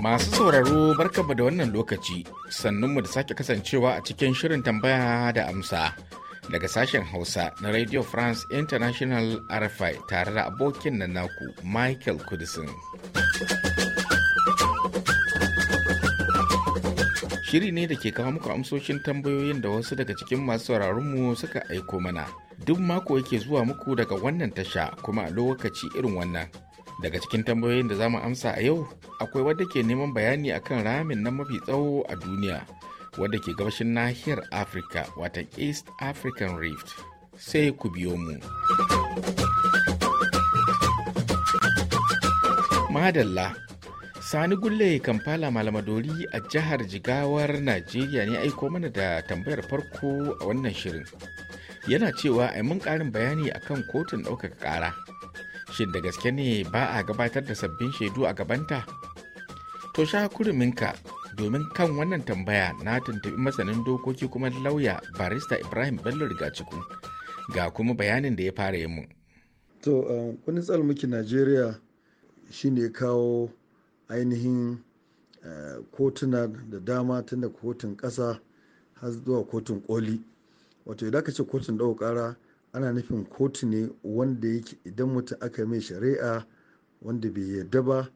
Masu sauraro barkaba da wannan lokaci sannunmu da sake kasancewa a cikin shirin tambaya da amsa daga sashen Hausa na Radio France International RFI tare da abokin nan naku Michael Kudisin. Shiri ne da ke kawo muku amsoshin tambayoyin da wasu daga cikin masu sauraronmu suka aiko mana. Duk mako yake zuwa muku daga wannan tasha kuma a lokaci irin wannan. Daga cikin tambayoyin da za mu amsa a yau, akwai wadda ke neman bayani akan ramin na mafi tsawo a duniya, wadda ke gabashin nahiyar Afirka, wata East African Rift. Sai ku biyo mu. Madalla Sani Gulle Kamfala Malamadori a jihar Jigawar Najeriya ne aiko mana da tambayar farko a wannan shirin. Yana cewa a mun ƙarin bayani akan kotun ɗaukaka ƙara. Shin da gaske ne ba a gabatar da sabbin shaidu a gabanta? To sha kuruminka domin kan wannan tambaya na tuntubi masanin dokoki kuma lauya barista Ibrahim Bello ciku ga kuma bayanin da ya fara yi mu. To, um, wani tsalmuki Najeriya shine kawo ainihin eh, kotunan da dama tun da kotun kasa har zuwa kotun koli wato idan aka ce kotun dauka kara ana nufin kotu ne wanda yake idan mutum aka mai shari'a wanda bai yarda ba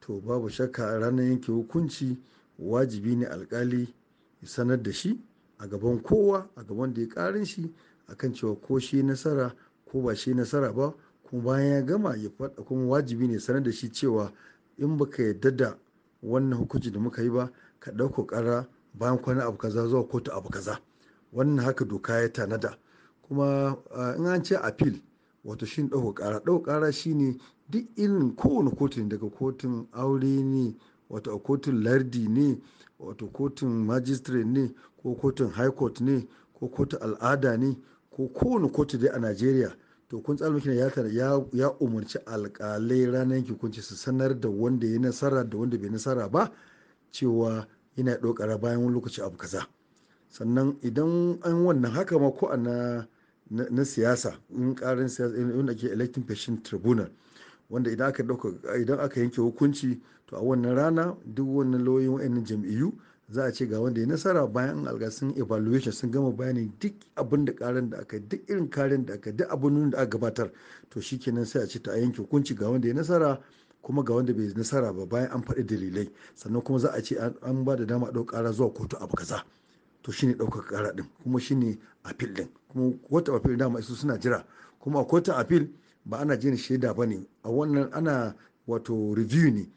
to babu shakka ranar yanke hukunci wajibi ne alkali ya sanar da shi a gaban kowa a gaban da ya karin shi akan cewa ko shi nasara ko ba shi nasara ba kuma bayan ya gama ya faɗa kuma wajibi ne sanar da shi cewa in baka yadda da wannan hukunci da muka yi ba ka ɗauko ƙara bayan kwana abu kaza zuwa kotu abu kaza wannan haka doka ya tanada kuma eh, in an ce appeal wato shi ɗauko ƙara ɗauko ƙara ne duk irin kowane kotu daga kotun aure ne wato kotun lardi ne wato kotun magistrate ne ko kotun high court ne ko kotun al'ada ne ko kowane kotu dai a najeriya to kun tsarin ya ya ya umarci alkalai ranar yankin hukunci su sanar da wanda ya nasara da wanda bai nasara ba cewa yana ɗaukara bayan wani lokaci abu kaza sannan idan an wannan haka ma ko na na siyasa in karin siyasa wanda ke electing fashion tribunal wanda idan aka yanke hukunci to a wannan rana duk wannan lauyoyin wa'annan jam'iyyu za a ce ga wanda ya nasara bayan an alga sun evaluation sun gama bayanin duk abin da karin da aka duk irin karin da aka duk abin da aka gabatar to shikenan sai a ce ta yanke hukunci ga wanda ya nasara kuma ga wanda bai nasara ba bayan an faɗi dalilai sannan kuma za a ce an ba da dama ɗau ƙara zuwa kotu abu kaza to shine ɗaukar ƙara ɗin kuma shine appeal ɗin kuma kotu appeal dama su suna jira kuma a kotun appeal ba ana jin shaida ba ne a wannan ana wato review ne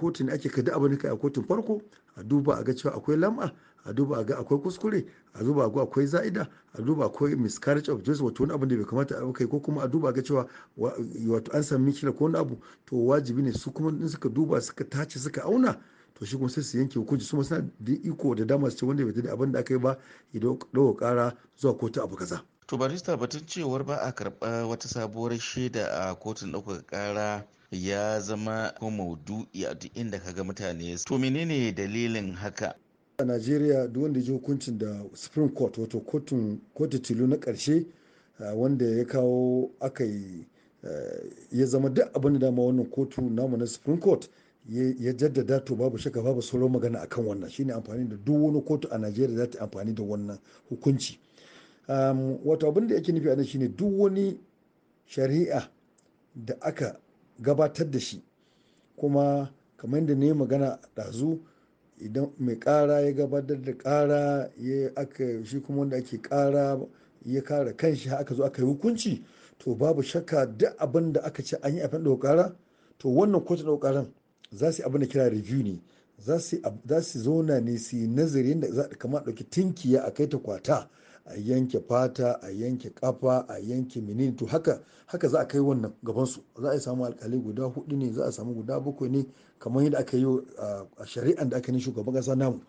kotun ake kada abin kai a kotun farko a duba a ga cewa akwai lam'a a duba a ga akwai kuskure a duba a ga akwai za'ida a duba akwai miscarriage of justice wato wani abin da bai kamata a kai ko kuma a duba a ga cewa wato an sami kila ko wani abu to wajibi ne su kuma in suka duba suka tace suka auna to shi kuma sai su yanke hukunci su suna da iko da dama su ce wanda bai da abin da aka yi ba ya dauka kara zuwa kotu abu kaza. to barista batun cewar ba a karɓa wata sabuwar shaida a kotun dauka kara. ya zama maudu'i a duk inda kaga mutane to menene dalilin haka a najeriya duk wanda ji hukuncin da supreme court wato kotun kotu tilo na karshe wanda ya kawo aka yi ya zama duk abin da dama wannan kotu namu na supreme court ya jaddada to babu shaka babu sauran magana akan wannan shine amfani da duk wani kotu a najeriya za ta amfani da wannan hukunci wato abin da yake nufi a nan shine duk wani shari'a da aka gabatar da shi kuma kamar da ne magana ɗazu idan mai kara ya gabatar da kara ya aka shi kuma wanda ake kara ya kare kanshi aka zo aka yi hukunci to babu shakka duk abin da aka ce an yi a da ƙara to wannan kotu da ƙaran za su yi abin da kira review ne za su zauna ne su yi nazarin da za a kama ɗauki tinkiya a kai ta kwata a yanke fata a yanke kafa a yanke menene to haka haka za a kai wannan gaban su za a samu alkali guda hudu ne za a samu guda bakwai ne kamar yadda aka yi a shari'an da aka yi shugaban kasa namu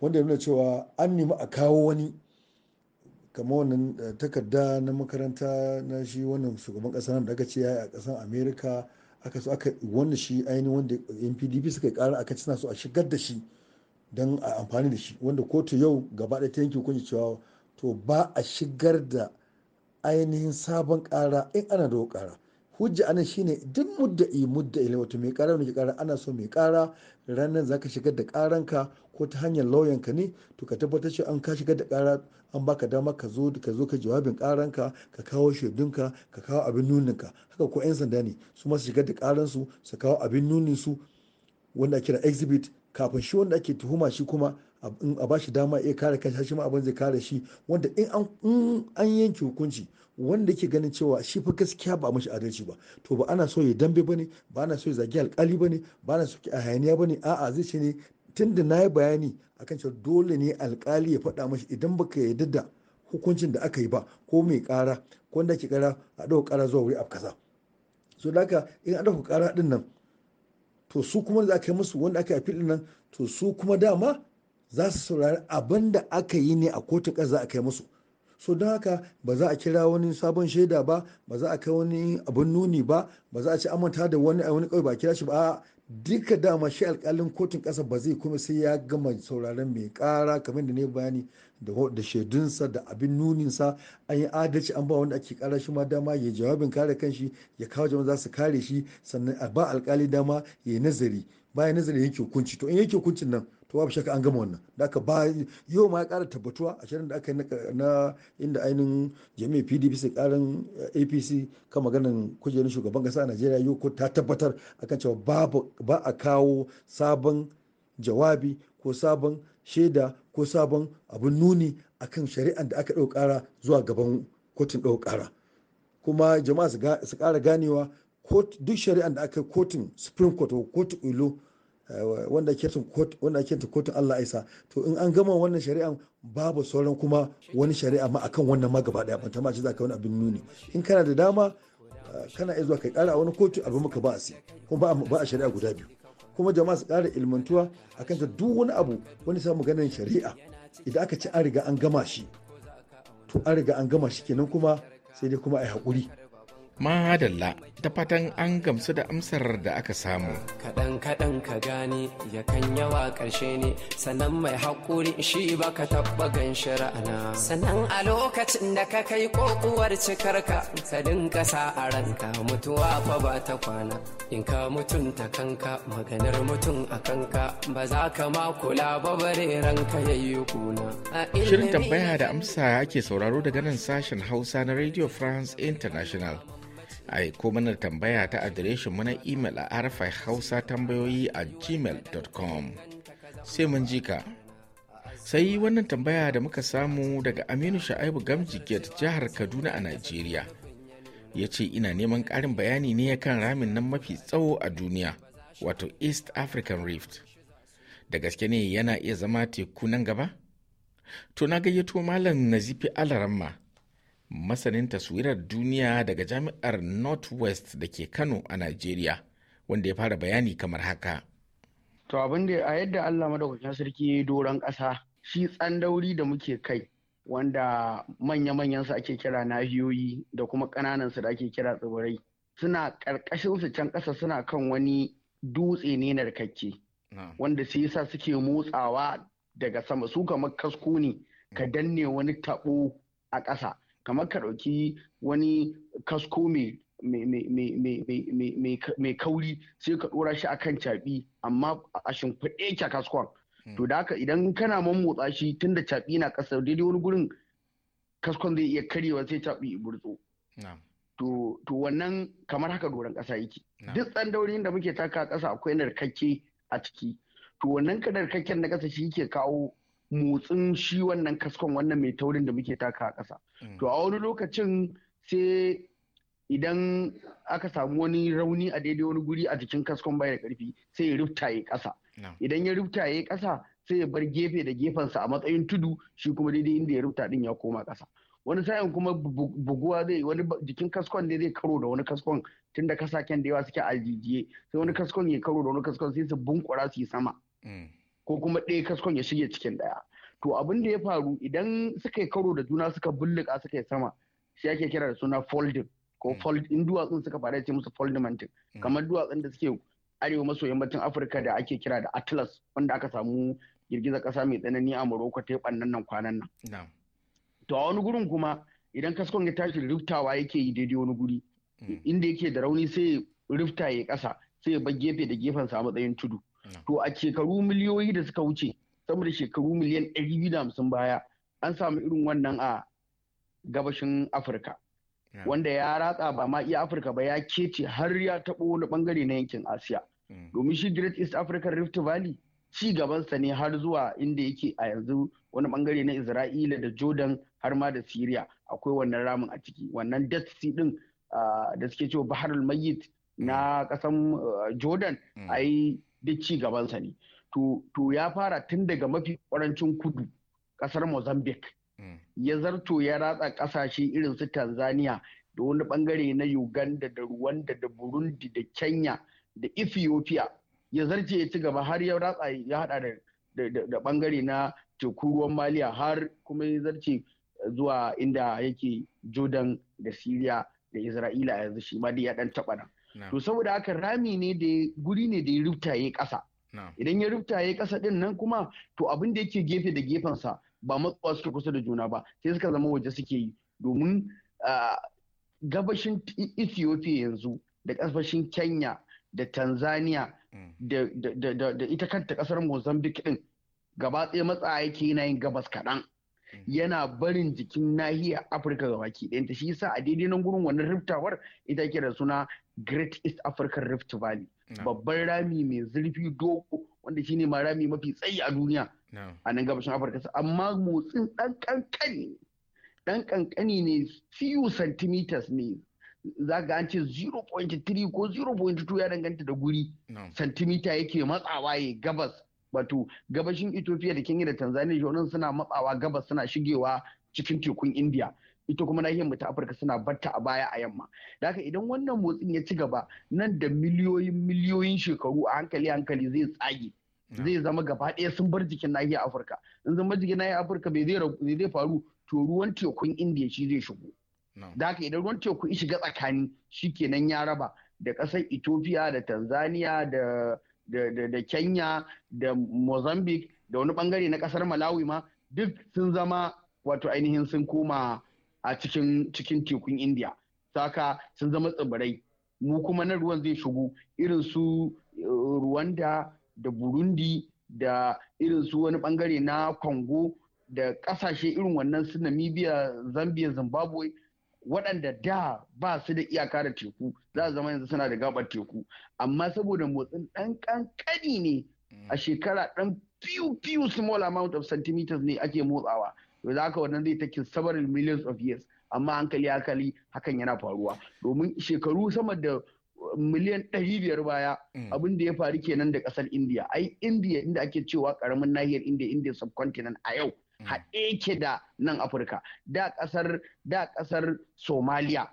wanda ya nuna cewa an nemi a kawo wani kamar wannan eh, takarda na makaranta na shi wannan shugaban kasa nan da aka ce a kasan america aka so aka wanda shi ainihin wanda npdp suka kara aka ci suna so a shigar da shi don a amfani da shi wanda kotu yau gaba ɗaya ta yanke hukunci cewa to ba a shigar da ainihin sabon ƙara in ana da ƙara hujja anan shine duk mudda'i mudda'i wato mai ƙara mai ƙara ana so mai kara ranar za ka shigar da ƙaranka ko ta hanyar lauyanka ne to ka tabbatar cewa an ka shigar da ƙara an baka dama ka zo ka zo ka jawabin ƙaranka ka kawo shaidunka ka kawo abin nuninka haka ko 'yan sanda ne su masu shigar da ƙaransu su kawo abin nuninsu wanda kira exhibit kafin shi wanda ake tuhuma shi kuma a ba shi dama iya kare kansa shi ma abin zai kare shi wanda in an yanke hukunci wanda ke ganin cewa shi fa gaskiya ba mashi adalci ba to ba ana so ya dambe bane ba ana so ya zagi alkali bane ba ana so a hayaniya bane a'a zai ce ne tunda na yi bayani akan cewa dole ne alkali ya faɗa mashi idan baka yarda da hukuncin da aka yi ba ko mai kara ko wanda ke kara a ɗau kara zuwa wuri a kaza so da haka in an ɗauka kara ɗin nan to su kuma za aka yi musu wanda aka yi a filin nan to su kuma dama za su saurari abin da aka yi ne a kotun ƙasa za a kai musu so don haka ba za a kira wani sabon shaida ba ba za a kai wani abin nuni ba ba za a ci amanta da wani a wani kawai ba kira shi ba duka dama shi alkalin kotun ƙasa ba zai kuma sai ya gama sauraron mai ƙara kamar da ne bayani da shaidunsa da abin nuninsa an yi adalci an ba wanda ake kara shi ma dama ya jawabin kare kanshi ya kawo jama'a za su kare shi sannan a ba alkali dama ya yi nazari bayan nazari yake hukunci to in yake hukuncin nan to babu shakka an gama wannan da aka ba yau ma ya kara tabbatuwa a shirin da aka yi na inda ainihin jami'ai pdp sai karin eh, apc kan maganin kujerun shugaban kasa a najeriya yau ko ta tabbatar akan cewa ba a kawo sabon jawabi ko sabon shaida ko sabon abin nuni akan shari'a da aka ɗau zuwa gaban kotun ɗau kuma jama'a su kara ganewa duk shari'a da aka kotun supreme court ko kotun ilo wanda ake ta kotun Allah isa to in an gama wannan shari'an babu sauran kuma wani shari'a ma akan wannan ma gaba daya ta ma ce zaka wani abin nuni in kana da dama ah, kana iya zuwa kai kara a wani kotu abin maka ba asi kuma ba a shari'a guda biyu kuma jama'a su kara ilmantuwa akan ta duk wani abu wani samu ganin shari'a idan aka ci an riga an gama shi to an riga an gama shi kenan kuma sai dai kuma ai yi haƙuri madalla ta fatan an gamsu da amsar da aka samu kaɗan kaɗan ka gane ya kan yawa ƙarshe ne sanan mai haƙuri shi ba ka taɓa ganshi ra'ana sannan a lokacin da ka kai ƙoƙuwar cikarka ka dinka sa a ranka mutuwa fa ba ta kwana in ka mutunta kanka maganar mutum a kanka ba za ka ma kula ba bare ranka ya yi kuna shirin tambaya da amsa ake sauraro daga nan sashen hausa na radio france international aiko mana tambaya ta adireshin mu na imel a arafai hausa tambayoyi a gmail.com sai mun jika sai wannan tambaya da muka samu daga aminu sha'ibu gamji gate jihar kaduna a nigeria ya ce ina neman karin bayani ne kan ramin nan mafi tsawo a duniya wato east african rift da gaske ne yana iya zama teku nan gaba to na gayyato malam nazifi alaramma masanin taswirar duniya daga jami'ar northwest da ke kano a nigeria wanda ya fara bayani kamar haka to abin da a yadda allah madaukakin sarki doron ƙasa shi tsandauri da muke kai wanda manya-manyan su ake kira nahiyoyi da kuma ƙananan su da ake kira tsibirai suna ƙarƙashin su can ƙasa suna kan wani dutse ne narkakke wanda sai yasa suke motsawa daga sama su kamar kasko ne ka danne wani taɓo a ƙasa kamar ka ɗauki wani kasko mai kauri sai ka ɗora shi akan caɓi amma a shimfiɗe ki kaskon hmm. to da haka idan kana mammotsa shi tun da caɓi na ƙasa daidai wani gurin kaskon zai iya karyewa sai caɓi burtso to wannan kamar haka doron ƙasa yake duk tsandaurin da muke taka ƙasa akwai narkakke a ciki to wannan kadarkakken na ƙasa shi ke kawo motsin shi wannan kaskon wannan mai taurin da muke taka a ƙasa mm. to a wani lokacin sai idan aka samu wani rauni a daidai wani guri a jikin kaskon bai da ƙarfi sai ya ya ƙasa idan ya rufta ya ƙasa sai ya bar gefe da gefensa a matsayin tudu shi kuma daidai inda ya rufta din ya koma ƙasa wani sa'in kuma buguwa zai wani jikin kaskon ne zai karo da wani kaskon tunda kasaken da yawa suke aljijiye sai wani kaskon ya karo da wani kaskon sai su bunkura su yi sama mm. ko kuma ɗaya kaskon ya shige cikin ɗaya to abin da ya faru idan suka yi karo da juna suka bulluka suka yi sama shi ake kira da suna folding ko mm. fold in duwatsun suka fara ce musu foldmenting mm. kamar duwatsun da suke arewa maso yammacin afirka da ake kira da atlas wanda aka samu girgizar kasa mai tsanani a Maroko ta yi nan kwanan nan to a wani gurin kuma idan kaskon ya tashi riftawa yake yi daidai wani guri mm. inda yake da rauni sai rifta ya kasa sai ya bar gefe da gefen sa matsayin tudu to a shekaru miliyoyi da suka wuce saboda shekaru miliyan 250 baya an samu irin wannan a gabashin afirka wanda ya ratsa ba ma iya afirka ba ya kece har ya taɓo wani bangare na yankin asiya mm. domin shi great east african rift valley ci gabansa ne har zuwa inda yake a yanzu wani bangare na isra'ila da jordan har ma da syria akwai wannan ramin a ciki wannan death sea din ah, da suke cewa bahar mayyit na kasan mm. ah, jordan mm. ai duk ci gabansa ne to ya fara tun daga mafi kwarancin kudu ƙasar mozambique mm. ya zarto ya ratsa ƙasashe irin su tanzania da wani bangare na uganda da rwanda da burundi da kenya da ethiopia ya zarce ya ci gaba har ya ratsa ya haɗa da bangare na teku ruwan maliya har kuma ya zarce zuwa inda yake jordan da syria da isra'ila yanzu shi ma ya ɗan taba nan to saboda haka rami ne da guri ne da ya rubtaye kasa. idan ya rubtaye kasa din nan kuma to abin da yake gefe da gefen sa ba matsuwa suka kusa da juna ba sai suka zama waje suke yi domin gabashin ethiopia yanzu da gabashin kenya da tanzania mm. da ita kanta kasar mozambique din gaba tsaye matsa yake yana yin gabas kaɗan Mm. yana barin jikin nahiyar afirka ga baki ɗayanta shi yasa a daidai nan gurin wannan riftawar ita ke da suna great east african rift valley babban rami mai zurfi doko. wanda shine ma rami mafi tsayi a duniya a nan gabashin afirka amma motsin ɗan kankani ɗan kankani ne few centimeters ne za ga an ce 0.3 ko 0.2 ya danganta da guri centimeter yake matsawa ya gabas wato gabashin Ethiopia da Kenya da Tanzania jonan suna matsawa gabas suna shigewa cikin tekun India ita kuma nahiyar mu ta Afirka suna batta a baya a yamma da idan wannan motsin ya ci gaba nan da miliyoyin miliyoyin shekaru a hankali hankali zai tsage zai zama gaba ɗaya sun bar jikin nahiyar Afirka in zama jikin nahiyar Afirka bai zai faru to ruwan tekun India shi zai shigo da idan ruwan tekun ya shiga tsakani shikenan ya raba da ƙasar Ethiopia da Tanzania da da kenya da mozambique da wani bangare na kasar malawi ma duk sun zama wato ainihin sun koma a cikin tekun india saka sun zama tsibirai mu kuma na ruwan zai shigo irin su eh, rwanda da burundi da irin su wani bangare na congo da kasashe irin wannan su namibia zambia zimbabwe waɗanda da ba su da iyaka da teku za a zama yanzu suna da gabar teku amma saboda motsin ɗan ƙanƙani ne a mm. shekara ɗan few few small amount of centimeters ne ake motsawa to za ka wannan zai take several millions of years amma hankali hankali hakan yana faruwa domin shekaru sama da uh, miliyan ɗari biyar baya mm. abin da ya faru kenan da ƙasar india ai india inda ake cewa ƙaramin nahiyar india india subcontinent a yau Mm. haɗe ke da nan afirka da ƙasar da ƙasar somaliya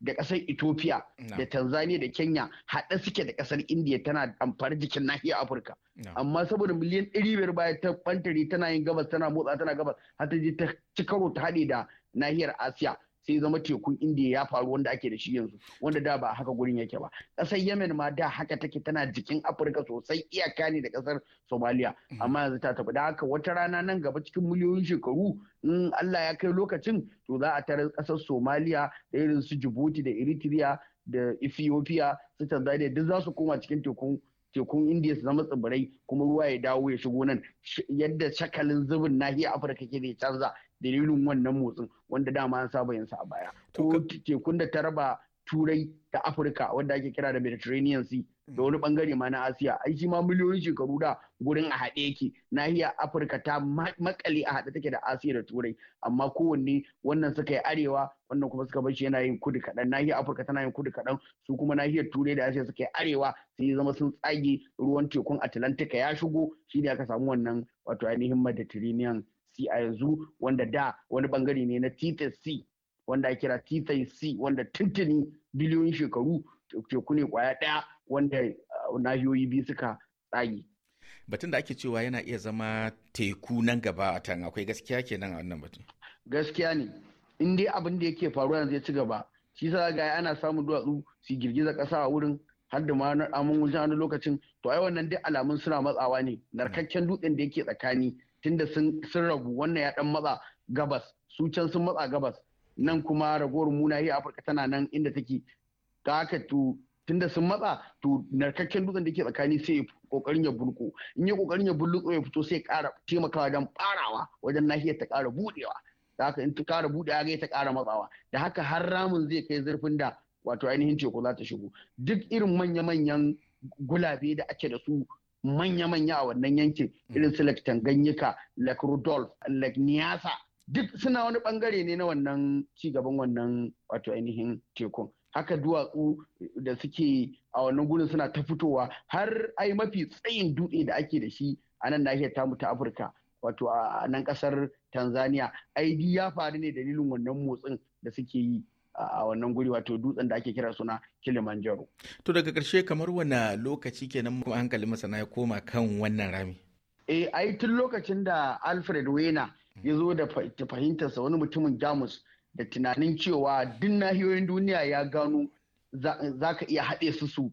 da ƙasar ethiopia da tanzania da kenya haɗe suke da ƙasar india tana amfani jikin nahiyar afirka amma saboda miliyan ɗari biyar baya ta ɓantare tana yin gabas tana motsa tana gabas har ta je ta ci karo ta haɗe da nahiyar asiya sai zama tekun indiya ya faru wanda ake da shi yanzu wanda da ba haka gurin yake ba ƙasar yemen ma da haka take tana jikin afirka sosai iyaka ne da ƙasar somaliya mm-hmm. amma yanzu ta tafi da haka wata rana nan gaba cikin miliyoyin shekaru in allah ya kai lokacin to za a tarar ƙasar somaliya da irin su jibuti da eritrea da ethiopia su tanzania duk za su koma cikin tekun tekun indiya su zama tsibirai kuma ruwa ya dawo ya shigo nan yadda shakalin zubin nahiyar afirka ke zai canza dalilin wannan motsin wanda dama an saba yinsa a baya ko tekun da ta raba turai da afirka wanda ake kira da mediterranean sea da wani bangare ma na asiya ai shi ma miliyoyin shekaru da gurin a haɗe yake nahiyar afirka ta makale a haɗe take da asiya da turai amma kowanne wannan suka yi arewa wannan kuma suka bashi yana yin kudu kaɗan nahiyar afirka tana yin kudu kaɗan su kuma nahiyar turai da asiya suka yi arewa sai zama sun tsage ruwan tekun atlantika ya shigo shi ne aka samu wannan wato ainihin mediterranean TSC a yanzu wanda da wani bangare ne na TSC wanda ake kira TSC wanda tuntuni biliyoyin shekaru teku ne kwaya daya wanda uh, nahiyoyi biyu suka tsage. Batun da ake cewa yana iya zama teku nan gaba a tan akwai gaskiya nan a wannan batun. Gaskiya ne. In dai abin da yake faruwa yanzu ya ci gaba shi sa ga ana samun duwatsu su girgiza ƙasa a wurin har da ma amin wajen lokacin to ai wannan dai alamun suna matsawa ne narkakken dutsen da yake tsakani tunda sun rabu wannan ya dan matsa gabas su can sun matsa gabas nan kuma ragowar a afirka tana nan inda take ta haka tu tunda sun matsa to narkakken dutsen da ke tsakani sai kokarin ya bulko in ya kokarin ya bulko ya fito sai kara taimakawa dan farawa wajen nahiyar ta kara budewa da haka in ta kara budewa ga ta kara matsawa da haka har ramin zai kai zurfin da wato ainihin teku za ta shigo duk irin manya-manyan gulabe da ake da su manya-manya a wannan yankin mm. irin su lake tanganyika lake rudolf lake duk suna wani bangare ne na wannan cigaban wannan wato ainihin tekun haka duwatsu da suke a wannan gurin suna ta fitowa har ai mafi tsayin dutse da ake da shi a nan nahiyar tamu ta afirka wato a nan kasar tanzania ai ya faru ne dalilin wannan motsin da suke yi a wannan guri wato dutsen da ake kira suna Kilimanjaro. To daga ƙarshe kamar wani lokaci kenan mu hankali masana ya koma kan wannan rami. Eh ai tun lokacin da Alfred Wena ya zo da fahimtarsa wani mutumin Jamus da tunanin cewa duk nahiyoyin duniya ya gano za ka iya haɗe su su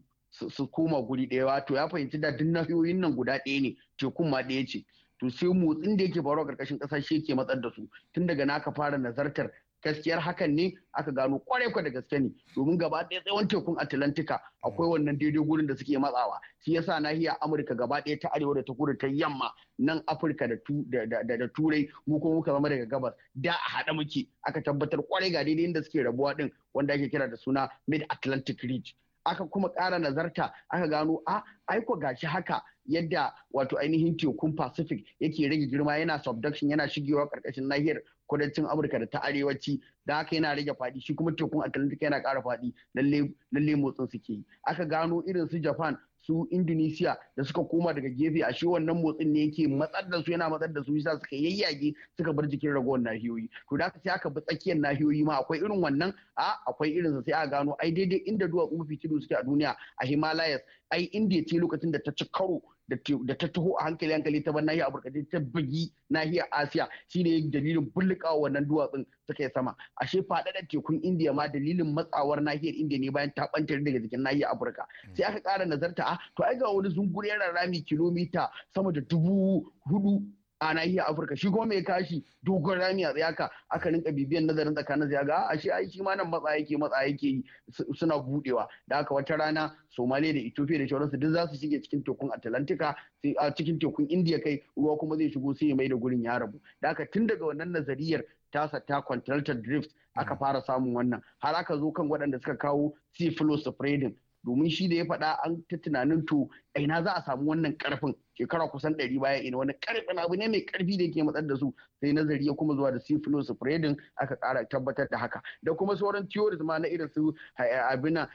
su koma guri ɗaya wato ya fahimci da duk nahiyoyin nan guda ɗaya ne tekun ma ɗaya ce to sai motsin da yake faruwa ƙarƙashin ƙasa shi yake matsar da su tun daga naka fara nazartar gaskiyar hakan ne aka gano kwarai kwa da gaske ne domin gaba ɗaya tsawon tekun atlantika akwai wannan daidai gurin da suke matsawa shi yasa nahiyar amurka gaba ɗaya ta arewa da ta kudu ta yamma nan afirka da turai mu kuma muka zama daga gabas da a haɗa muke aka tabbatar kwarai ga daidai inda suke rabuwa ɗin wanda ake kira da suna mid atlantic ridge aka kuma ƙara nazarta aka gano a ah, aiko gashi haka yadda wato ainihin tekun pacific yake rage girma yana subduction yana shigewa ƙarƙashin nahiyar kudancin amurka da ta arewaci da haka yana rage faɗi shi kuma tekun atlantic yana ƙara faɗi lalle motsin suke yi aka gano irin su japan su indonesia da suka koma daga gefe a shi wannan motsin ne yake matsar da su yana matsar da su yasa suka yayyage suka bar jikin ragowar nahiyoyi to da sai aka bi tsakiyar nahiyoyi ma akwai irin wannan a akwai irin sa sai aka gano ai daidai inda duwatsu mafi tudu suke a duniya a himalayas ai india ce lokacin da ta ci karo da ta taho a hankali hankali ta bar nahiyar Afirka ta bugi nahiyar Asiya shine dalilin bullikawa wannan duwatsun suka yi sama ashe faɗaɗa tekun Indiya ma dalilin matsawar nahiyar Indiya ne bayan ta bantar daga jikin nahiyar Afirka sai aka ƙara nazarta a ah, to ai ga wani zunguriyar rami kilomita sama da dubu hudu a nahiyar afirka shi kuma mai kashi dogon rami a tsayaka aka rinka bibiyan nazarin tsakanin zai ga a ah, shi aiki shi ma nan matsa yake matsa yake suna budewa da aka wata rana somaliya da ethiopia da shauransu duk za su shige cikin tekun atlantika a cikin tekun india kai ruwa kuma zai shigo sai ya mai da gurin ya rabu da aka tun daga wannan nazariyar tasa ta continental drift aka fara samun wannan har aka zo kan waɗanda suka kawo sea flow spreading domin shi da ya faɗa an ta tunanin to ina za a samu wannan karfin shekara kusan ɗari baya ina wani karfin abu ne mai karfi da yake matsar da su sai nazari ya kuma zuwa da syphilis spreading aka ƙara tabbatar da haka da kuma sauran theories ma na irin su abin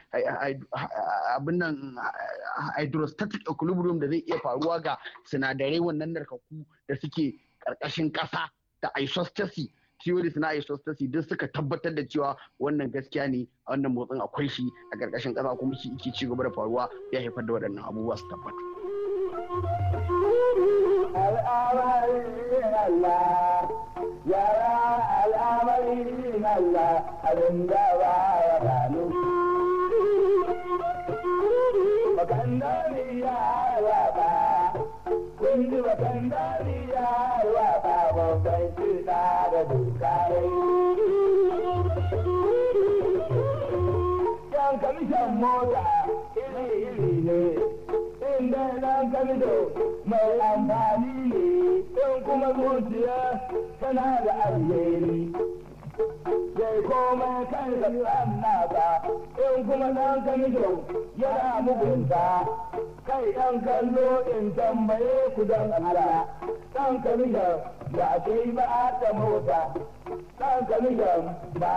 hydrostatic equilibrium da zai iya faruwa ga sinadarai wannan narkaku da suke ƙarƙashin ƙasa da isostasy theories na isostasi duk suka tabbatar da cewa wannan gaskiya ne wannan motsin akwai shi a ƙarƙashin ƙasa kuma shi ke ci gaba da faruwa ya haifar da waɗannan abubuwa su tabbatu. al'amarin Allah abin da ba ya ya ya sai su da dukarai. Yan kamishan mota iri-iri ne, inda nan kamido mai amfani ne, in kuma zuciya tana da alheri. Yai komai kan amma ba, in kuma ɗan kamishin yana mugunta, kai ɗan kallo in tambaye ku Allah, ɗan kamishin ba kai ba ta mota, ɗan ba ba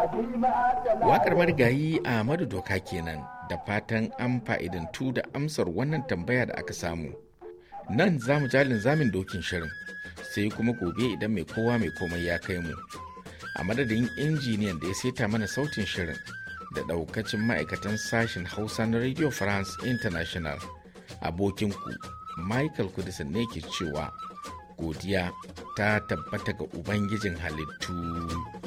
ta Wakar marigayi amadu Doka kenan da fatan an fa'idantu da amsar wannan tambaya da aka samu. Nan zamu jalin zamin dokin shirin, sai kuma gobe idan mai kowa mai komai ya kai mu. a madadin injiniyan da ya saita mana sautin shirin da daukacin ma'aikatan sashen hausa na radio france international abokinku michael kudisin ne ke cewa godiya ta tabbata ga ubangijin halittu